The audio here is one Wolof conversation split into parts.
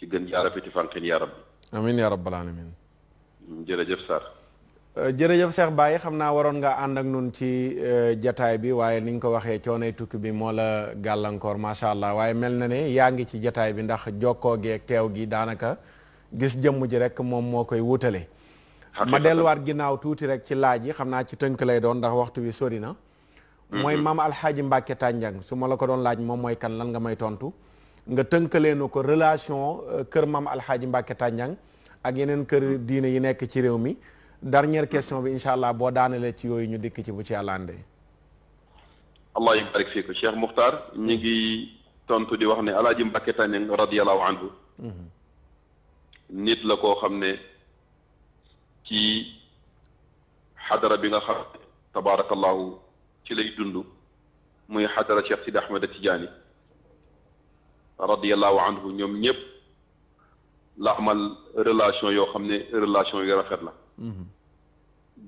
ci gën yaa rafeti fànqin yaa rabbi amin jërëjëf Sarr euh, jërëjëf Cheikh Baye xam naa waroon nga ànd ak nun ci euh, jataay bi waaye ni nga ko waxee coonoy tukki bi moo la gàllankoor macha allah waaye mel na ne yaa ngi ci jataay bi ndax jokkoo geeg teew gi daanaka gis jëmm ji rek moom moo koy wutale ma delluwaat ginnaaw tuuti rek ci laaj yi xam naa ci tënk lay doon ndax waxtu wi sori na mooy mm-hmm. maam alxaaji Mbàkke Tànjang su ma la ko doon laaj moom mooy kan lan nga may tontu nga tënkalee nu ko relation euh, kër maam Alxaaji Mbàkke Tànjang ak yeneen kër diine yi nekk ci réew mi dernière question bi incha allah boo daaneele ci yooyu ñu dikk ci bu ci yàlla àndee allah yubarik fiiku Cheikh Muxtaar ñi ngi tontu di wax ne Alaaji Mbàkke Tànjang radiallahu anhu mhm. nit la koo xam ne ci xadara bi nga xam tabaarakallahu ci lay dund muy xadara Cheikh Sidi Ahmed Tijaani radiallahu anhu ñoom ñëpp la amal relation yoo xam ne relation yu rafet la mhm.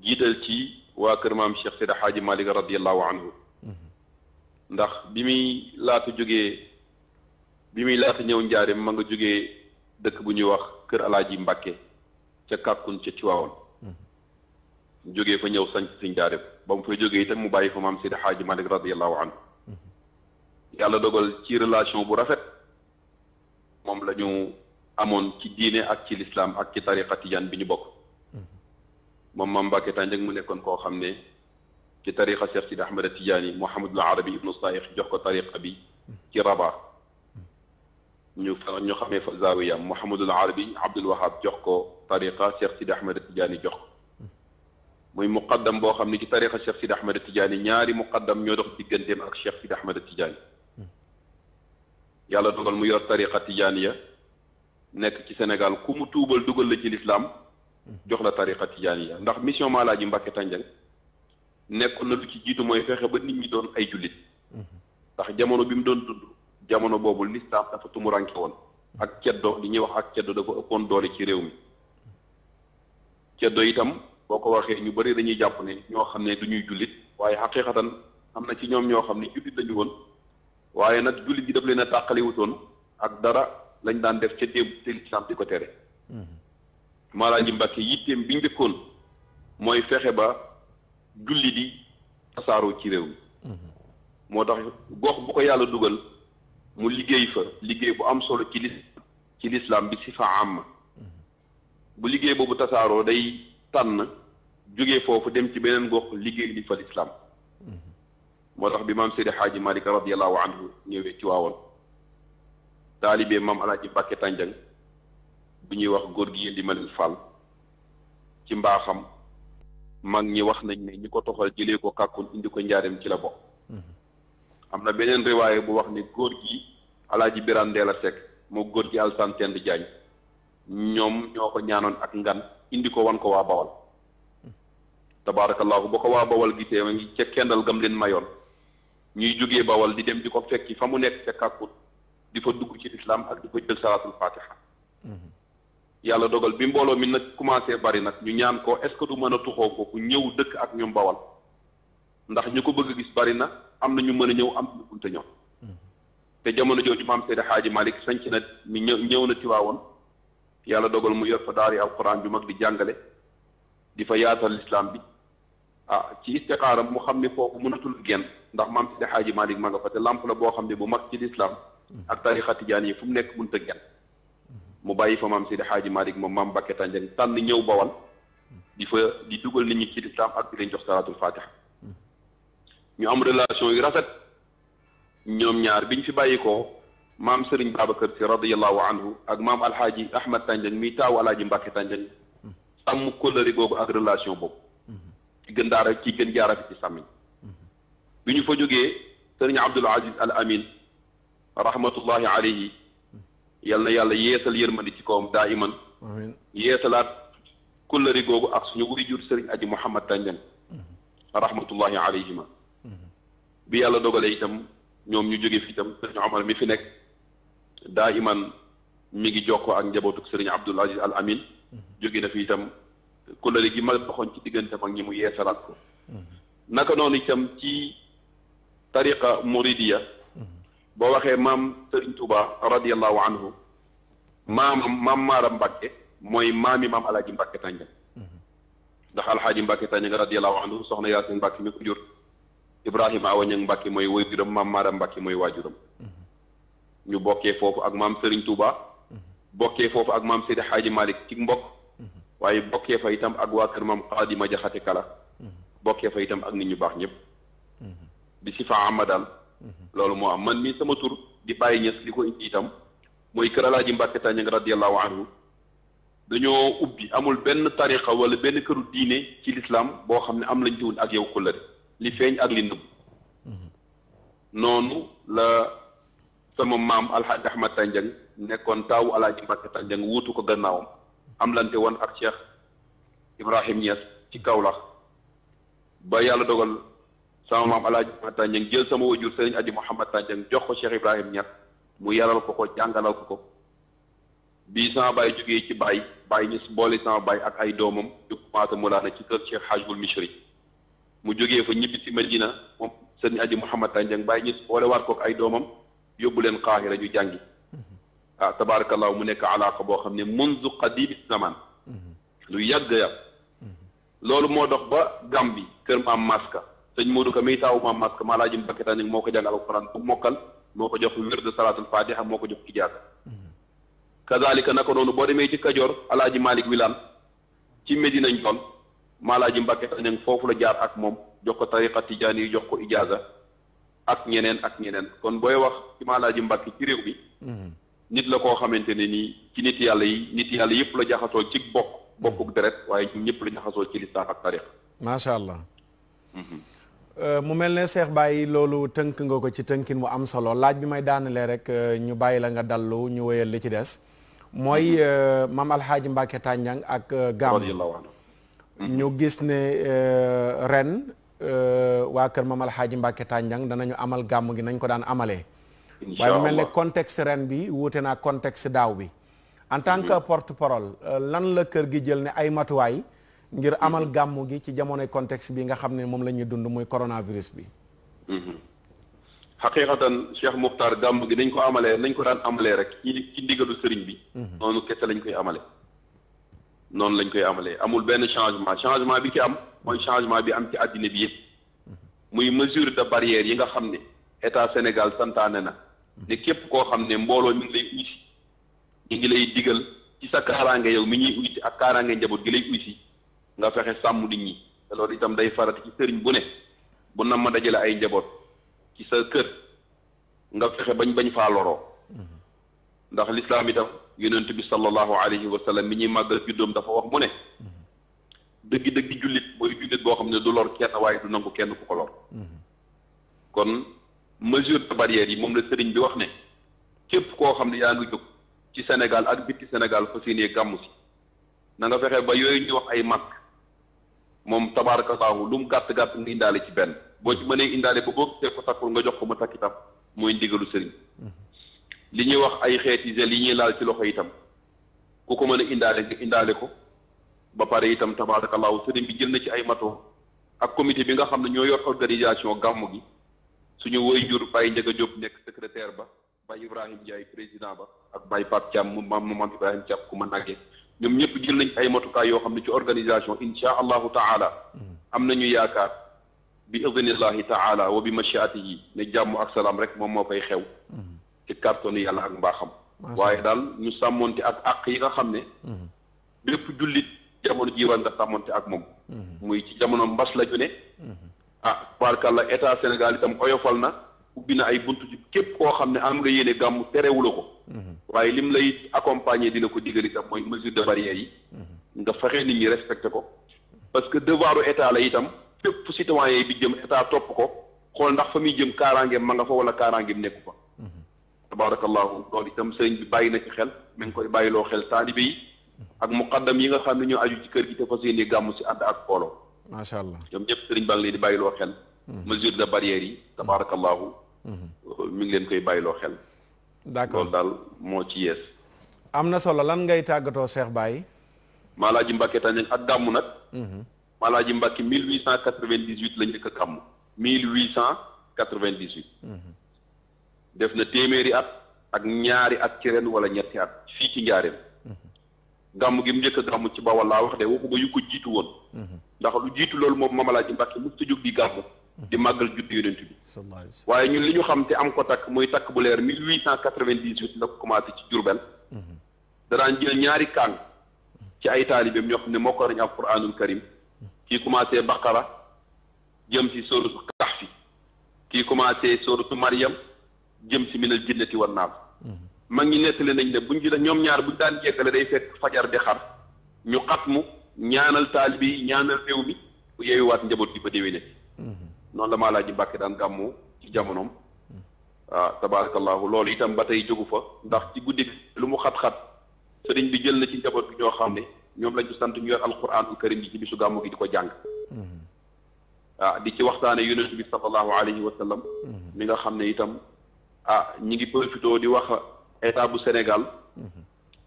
jiital ci waa kër maam Cheikh Seydi Hadji Malick radiallahu anhu mhm. ndax bi muy laata jóge bi muy laata ñëw njaarim ma nga jóge dëkk bu ñuy wax kër alaaji mbakke ca kàkkun ca Tiwaawoon mhm. jóge fa ñëw sanc si njaarim ba mu fay jógee mu bàyyi fa maam Seydi Hadji Malick radiallahu anhu yàlla dogal ci relation bu rafet moom la amoon ci diine ak ci lislaam ak ci tariqa tijaan bi ñu bokk moom maam Mbàkke Tànjang mu nekkoon koo xam ne ci tariqa Cheikh Sidi Ahmad Tijaani Mouhamadul Arabi ibnu Saïx ko tariqa bi ci Rabat ñu fa ñu xamee fa zaawiyam Mouhamadul Arabi Abdul Wahab jox ko tariqa Cheikh Sidi Ahmad Tijaani jox ko muy muqaddam boo xam ne ci tariqa Cheikh Sidi Ahmad Tijaani ñaari muqaddam ñoo dox digganteem ak Cheikh Sidi Ahmad Tijaani yàlla dugal mu yor tariqa tijaaniya nekk ci Sénégal ku mu tuubal dugal la ci lislaam jox la tariqa tijaaniya ndax mission Maalaaji Mbàkke Tandiang nekkoon na lu ci jiitu mooy fexe ba nit ñi doon ay jullit ndax jamono bi mu doon dund jamono boobu lislaam dafa tumuranke woon ak ceddo li ñuy wax ak ceddo dafa ëppoon doole ci réew mi ceddo itam boo ko waxee ñu bëri dañuy jàpp ne ñoo xam ne du ñuy jullit waaye xaqiqatan am na ci ñoom ñoo xam ne jullit lañu woon waaye nag jullit bi daf leen a tàqaliwutoon ak dara lañ daan def ca démb te lislaam di ko tere mm-hmm. maalaaji Mbàkke yitteem bi njëkkoon mooy fexe ba julli di tasaaroo ci réew mi mm-hmm. moo tax gox bu ko yàlla dugal mu liggéey fa liggéey bu am solo ci lis ci lislaam bi ci fa am bu liggéey boobu tasaaroo day tànn jóge foofu dem ci beneen gox liggéey di fa lislaam mm-hmm. moo tax bi maam Seydi Xaaji Malik radiallahu anhu ñëwee ci waawoon taalibee maam alaaji Mbàkke Tànjang bu ñuy wax góor gi yëndi Malil Fall ci mbaaxam mag ñi wax nañ ne ñi ko toxal jëlee ko kàkkun indi ko njaareem ci la bokk mhm. am na beneen riwaaye bu wax ne góor gi alaaji Biraan Ndeela Seck moo góor gi Alsaan Tend Jaañ ñoom ñoo ko ñaanoon ak ngan indi ko wan ko waa bawal mhm. tabaarakallahu ba ko waa bawal gisee ma ngi ca kendal gam leen mayoon ñuy jógee bawal di dem di ko fekki fa mu nekk ca kàkkut di fa dugg ci lislaam ak di fa jël salaatul fatiha mhm. yàlla dogal bi mbooloo mi nag commencé bari nag ñu ñaan ko est ce que du mën a tuxoo ko ku ñëw dëkk ak ñoom bawal ndax ñu ko bëgg a gis bari na am na ñu mën a ñëw am na bunte ñoom mhm. te jamono jooju maam Seydi Xaaji Malick sanc na mi ñëw ñëw na Tiwaawoon yàlla dogal mu yor fa daari alquran ju mag di jàngale di fa yaatal lislaam bi ah ci istixaaram mu xam ne foofu mënatul génn ndax maam Sidi Xaaji Malick ma nga fa te làmp la boo xam ne bu mag ci lislaam ak tarixa tijaan yi fu mu nekk mënut a génn mu bàyyi fa maam Sidi Xaaji Malick moom maam Bakke Tandiang tànn ñëw bawal di fa di dugal nit ñi ci lislaam ak di leen jox salaatul fatiha ñu am relation yu rafet ñoom ñaar biñ fi bàyyi ko maam Serigne Babacar si radiyallahu anhu ak maam Alxaaji Ahmad Tandiang mi taawu Alaaji Mbàkke Tandiang sàmm kóllëre googu ak relation boobu ci gën daara ci gën jaarati ci sàmmiñ mm-hmm. bi ñu fa jógee sëriñ Abdul Aziz Al Amin rahmatullahi alayhi mm-hmm. yal na yàlla yeesal yërmandi ci kawam daa iman yeesalaat kullëri googu ak suñu wuy jur sëriñ aji Mouhamad Tandian mm-hmm. rahmatullahi alayhima bi yàlla dogalee itam ñoom ñu jóge fi itam sëriñ Omar mi fi nekk daa iman mi ngi jokkoo ak njabootuk sëriñ Abdul Aziz Al Amin jóge na fi itam kóllëre gi ma doxoon ci diggante mag ñi mu yeesalaat ko naka noonu itam ci tariqa muridiya boo waxee maam Serigne Touba radiallahu anhu maamam maam Maara Mbacke mooy maami maam Alaaji Mbacke Tànja ndax Alxaaji Mbacke Tànja nga radiallahu anhu soxna Yaasin Mbacke mi ko jur Ibrahima Awañang Mbacke mooy waajuram maam Maara Mbacke mooy waajuram ñu bokkee foofu ak maam Serigne Touba bokkee foofu ak maam Seydi Xaaji Malick ci mbokk waaye bokkee fa itam ak waa kër maam xaadima jaxate kala bokkee fa itam ak nit ñu baax ñëpp bi si fa ama daal loolu moo am man mii sama tur di bàyyi ñes li ko itam mooy kër alaaji mbàkke tàññang radiallahu anhu dañoo ubbi amul benn tariqa wala benn këru diine ci lislaam boo xam ne am lañ ci ak yow kullare li feeñ ak li nëbb noonu la sama maam alxaaj ahmad tànjang nekkoon taawu alaaji mbàkke tànjang wuutu ko gannaawam am lante woon ak Cheikh Ibrahim Niass ci kawlax ba yàlla dogal sama maam El Hadj Mouhamad Tandiang jël sama wajur Serigne Adji Mouhamad Tandiang jox ko Cheikh Ibrahim Niass mu yaral ko ko jàngalal ko ko bii sama baay jógee ci baay baay ñu boole sama baay ak ay doomam ñu commencé mu laana ci kër Cheikh Hajjul Mishri mu jógee fa ñibbi si Medina moom Serigne Adji Mouhamad Tandiang baay ñu boole waat ko ak ay doomam yóbbu leen Qaahira ñu jàngi. ah tabaarakallaahu mu nekk alaaka boo xam ne munzu qadiimi zaman lu yàgg ya loolu moo dox ba Gàmbi kër maam Maska sëñ Modou Ka mi taawu maam Maska maa laa jëm bakkitaan moo ko jàng alquran bu mokkal moo ko jox wird salaatul fatiha moo ko jox ijaasa kazalika naka noonu boo demee ci Kajoor alaaji Malick Wilane ci Medina Ndiol maa laa jëm bakkitaan foofu la jaar ak moom jox ko tariqa tijaani yi jox ko ijaasa ak ñeneen ak ñeneen kon booy wax ci maa laa jëm ci réew mi nit la koo xamante ne nii ci nit yàlla yi nit yàlla yëpp la jaxasoo ci bokk bokkuk deret waaye ñun ñëpp la jaxasoo ci lislam ak tarix macha allah mhm. euh, mu mel ne Cheikh bàyyi loolu tënk nga ko ci tënkin mu am solo laaj bi may daanalee rek euh, ñu bàyyi la nga dallu ñu wéyal li ci des mooy mhm. euh, maam alxaaji Mbacke Tànjang ak gàmm mhm. ñu gis ne ren waa kër maam alxaaji Mbacke Tànjang danañu amal gàmm ngi nañ ko daan amalee incha allah waaye mel ne contexte ren bi wuute naa contexte daaw bi. en tant mhm. que porte-parole euh, lan la kër gi jël ne ay matuwaay. ngir amal mhm. gàmmu gi ci jamonoy contexte bi nga xam ne moom la ñuy dund muy coronavirus bi. xaqiqatan mhm. Cheikh Muxtaar gàmm gi dañ ko amalee nañ ko daan amalee rek ci ci ndigalu sëriñ bi. noonu kese lañ koy amale noonu lañ koy amalee amul benn changement changement bi ci am mooy changement bi am ci àddina bi yëpp. muy mesure de barrière yi nga xam ni état Sénégal santaane na. ne képp koo xam ne mbooloo mi ngi lay uysi ñu ngi lay digal ci sa kaaraange yow mi ñuy uysi ak kaaraange njaboot gi lay uysi nga fexe sàmm di ñi te loolu itam day farati ci sëriñ bu ne bu na ma dajale ay njaboot ci sa kër nga fexe bañ bañ faa loroo ndax lislaam itam yonent bi sallallahu alayhi wa sallam mi ñuy màggal juddoom dafa wax mu ne dëgg-dëgg jullit mooy jullit boo xam ne du lor kenn waaye du nangu kenn ku ko lor mhm. kon mesure de barrière yi moom la sëriñ bi wax ne képp koo xam ne yaa ngi jóg ci Sénégal ak bitti Sénégal fas yéenee gàmmu si na nga fexe ba yooyu ñu wax ay masque moom tabaarakallaahu lu mu gàtt gàtt nga indaale ci benn boo ci mënee indaale ba boo gisee ko takkul nga jox ko ma takk itam mooy ndigalu sëriñ mhm. li ñuy wax ay xeeti gel yi ñuy laal ci loxo yitam ku ko mën a indaale nga indaale ko ba pare itam tabaarakallaahu sëriñ bi jël na ci ay matoo ak comité bi nga xam ne ñoo yor organisation gàmmu gi. suñu waajur Baye Ndiaga Diop nekk secrétaire ba Baye Ibrahim Ndiaye président ba ak Baye Pape Thiam mu maam maam Ibrahim Thiam ku ma nagge ñoom ñëpp jël nañ ay matukaay yoo xam ne ci organisation insha allahu taala mm. am nañu yaakaar bi idnillahi taala wa bi machiatihi ne jàmm ak salaam rek moom moo fay xew mm. ci kàttanu yàlla ak mbaaxam waaye daal ñu sàmmonte ak àq yi nga xam ne mm. bépp jullit jamono ji war nga sàmmonte ak moom muy ci jamono mbas la ñu ne ah tubaarkàlla état Sénégal itam oyofal na ubbi na ay buntu képp koo xam ne am nga yéene gàmm terewula ko mhm. waaye lim lay accompagner dina ko digal itam mooy mesure de barrière yi mhm. nga fexe nit ñi respecté ko parce que devoiru état la itam fépp citoyen yi bi jëm état topp ko xool ndax fa muy jëm kaaraangeem ma nga fa wala kaaraangeem nekku fa mhm. tabarakallahu loolu itam sëriñ bi bàyyi na ci xel mi ngi koy bàyyiloo xel taalibe yi ak muqaddam yi nga xam ne ñoo aju kër gi te fas yéene gàmm si ànd ak kooloo macha allah ñoom ñëpp sëriñ baa ngi leen di bàyyiloo xel hmm. mesure de barrière yi tabaarakallaahu hmm. uh, mi ngi leen koy bàyyiloo xel d'accord loolu daal moo ci yees am na solo lan ngay tàggatoo Cheikh Baye Maalaaji Mbàkke Tandiang ak gàmm nag hmm. Maalaaji Mbàkke mille huit cent quatre-vingt-dix-huit la njëkk a gàmm mille huit cent quatre-vingt-dix-huit def na téeméeri at ak ñaari at ci ren wala ñetti at fii ci njaareem gàmm gi mu njëkk a gàmm ci bawal laa wax de waxuma yu ko jiitu woon. Mhm. ndax lu jiitu loolu moom Mamalaaji Mbàkke mu jóg di gàmm. Mhm. di màggal juddu yonent bi. waaye ñun li ñu xam te am ko takk muy takk bu leer 1898 la ko commencé ci Jurbel. Mhm. danaan jël ñaari kaan. ci ay taalibeem ñoo xam ne moo ko rañ alquranul karim. ki commencé baqara jëm ci sóoratu kahfi kii commencé sóoratu mariam jëm si ci minal jinnati wan naas mag ñi nettali nañ ne buñ ci ñoom ñaar buñ daan jekkale day fekk fajar di xar ñu xat mu ñaanal taalibe yi ñaanal réew bi bu yeewuwaat njaboot gi ba déwéne mhm. noonu la Maalaaji Mbàkke daan gàmmu ci jamonoom mhm. ah tabaarakallaahu loolu itam ba tey jógu fa ndax ci guddi lu mu xat-xat sëriñ bi jël na ci njaboot bi ñoo xam ne ñoom lañu sant ñu yor alquraanul karim bi ci bisu gàmmu gi di ko jàng mhm. ah di ci waxtaane yonent bi sallallahu alayhi wa sallam mi nga xam ne itam ah ñi ngi profitoo di wax état bu Sénégal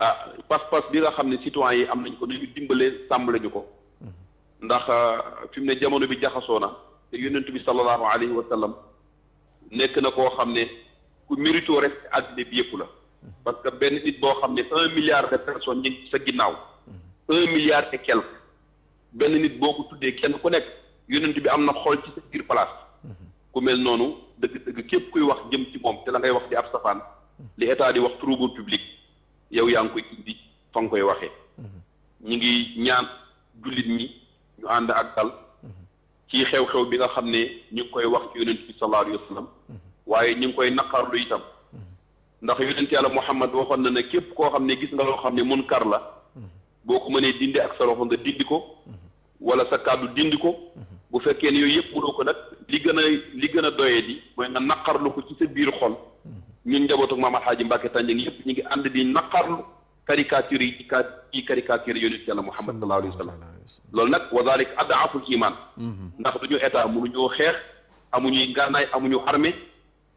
ah pas-pas bi nga xam ne citoyen yi am nañ ko nañu dimbalee sàmm lañu ko ndax ah, fi mu ne jamono bi jaxasoo na te yonent bi sallallahu alayhi wa sallam nekk na koo xam ne ku mérito rek àddina bi yëpp la parce que benn nit boo xam ne un milliard de personnes ñu ngi sa ginnaaw milliard et quelque benn nit boo ko tuddee kenn ku nekk yonent bi am na xool ci sa biir place ku mel noonu dëgg-dëgg képp kuy wax jëm ci moom te la ngay wax di ab safaan li état di wax trouble public yow yaa ngi koy indi fa nga koy waxee mhm. ñu ngi ñaan jullit ñi ñu ànd ak dal mhm. ci xew-xew bi nga xam ne ñu ngi koy wax ci yonent bi sallallahu alayhi wa sallam mhm. waaye ñu ngi koy naqarlu itam ndax yonent yàlla Muhammad waxoon na ne képp koo xam ne gis nga loo xam ne munkar la boo ko mënee dindi ak sa loxo nga dindi ko wala sa kàddu dindi ko bu fekkee ne yooyu yëpp mënoo ko nag li gën a li gën a doyee di mooy nga naqarlu ko ci sa biir xol ñun njabootu ak maam Alxaaji Mbàkke Tànjang yëpp ñu ngi ànd di naqarlu caricature yi ci caricature yonent yàlla Muhammad sallallahu alayhi wa sallam loolu nag wa zalik adaful iman mm-hmm. ndax duñu état mënuñoo xeex amuñuy ngànnaay amuñu armée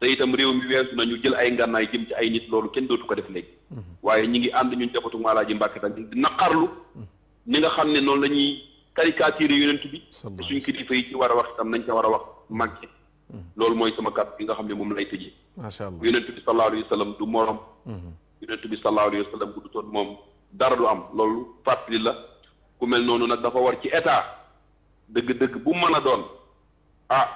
te itam réew mi weesu na ñu jël ay ngànnaay jëm ci ay nit loolu kenn dootu ko def léegi mm-hmm. waaye ñi ngi ànd ñun njabootu ak maam Alxaaji Mbàkke Tànjang di naqarlu mm-hmm. ñi nga xam ne noonu la ñuy caricature yonent bi suñ kilifa yi ci war a wax itam nañ ca war a wax manqué loolu mooy sama kat gi nga xam ne moom lay tëjee. macha allah yonent bi sallallahu alayhi wa sallam du morom. Mhm. yonent bi sallallahu alayhi wa sallam bu dutoon moom dara du am loolu fàttali la ku mel noonu nag dafa war ci état dëgg-dëgg bu mën a doon ah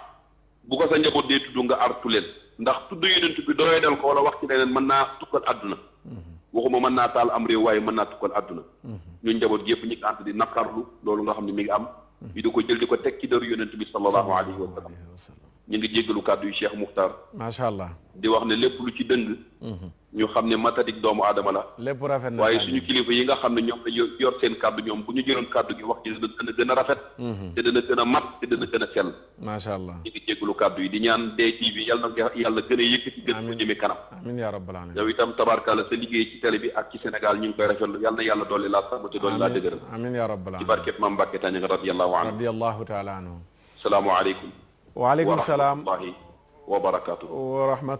bu ko sa njaboot dee tudd nga leen ndax tudd yonent bi doyoo del ko wala wax ci leneen mën naa tukkal àdduna. Mhm. waxuma mën naa taal am réew waaye mën naa tukkal àdduna. Mhm. ñun njaboot yëpp ñu ngi ànd di naqarlu loolu nga xam ne mu ngi am. ñu di ko jël di ko teg ci dëru yonent bi sallallahu alayhi wa sallam. ñu ngi jéggalu kàddu yu Cheikh Muxtar macha allah di wax ne lépp lu ci dëng mhm. ñu xam ne matadik doomu aadama la lépp rafet na waaye suñu kilifa yi nga xam ne ñoom la yor seen kàddu ñoom bu ñu jëloon kàddu gi wax ci dana gën a rafet mhm. te dana gën a mat te dana gën a sell macha allah ñu ngi jéggalu kàddu yi di ñaan DTV yàlla na yàlla gën a yëkkati gën ko jëme kanam amiin yaa rabbal alamin yow itam tabaarkalla sa liggéey ci télé bi ñu ngi koy rafetlu yàlla na yàlla doole laa sàmm te doole barket Maam Mbàkke Taañ nga waaleykum salaam wa rahmatulah.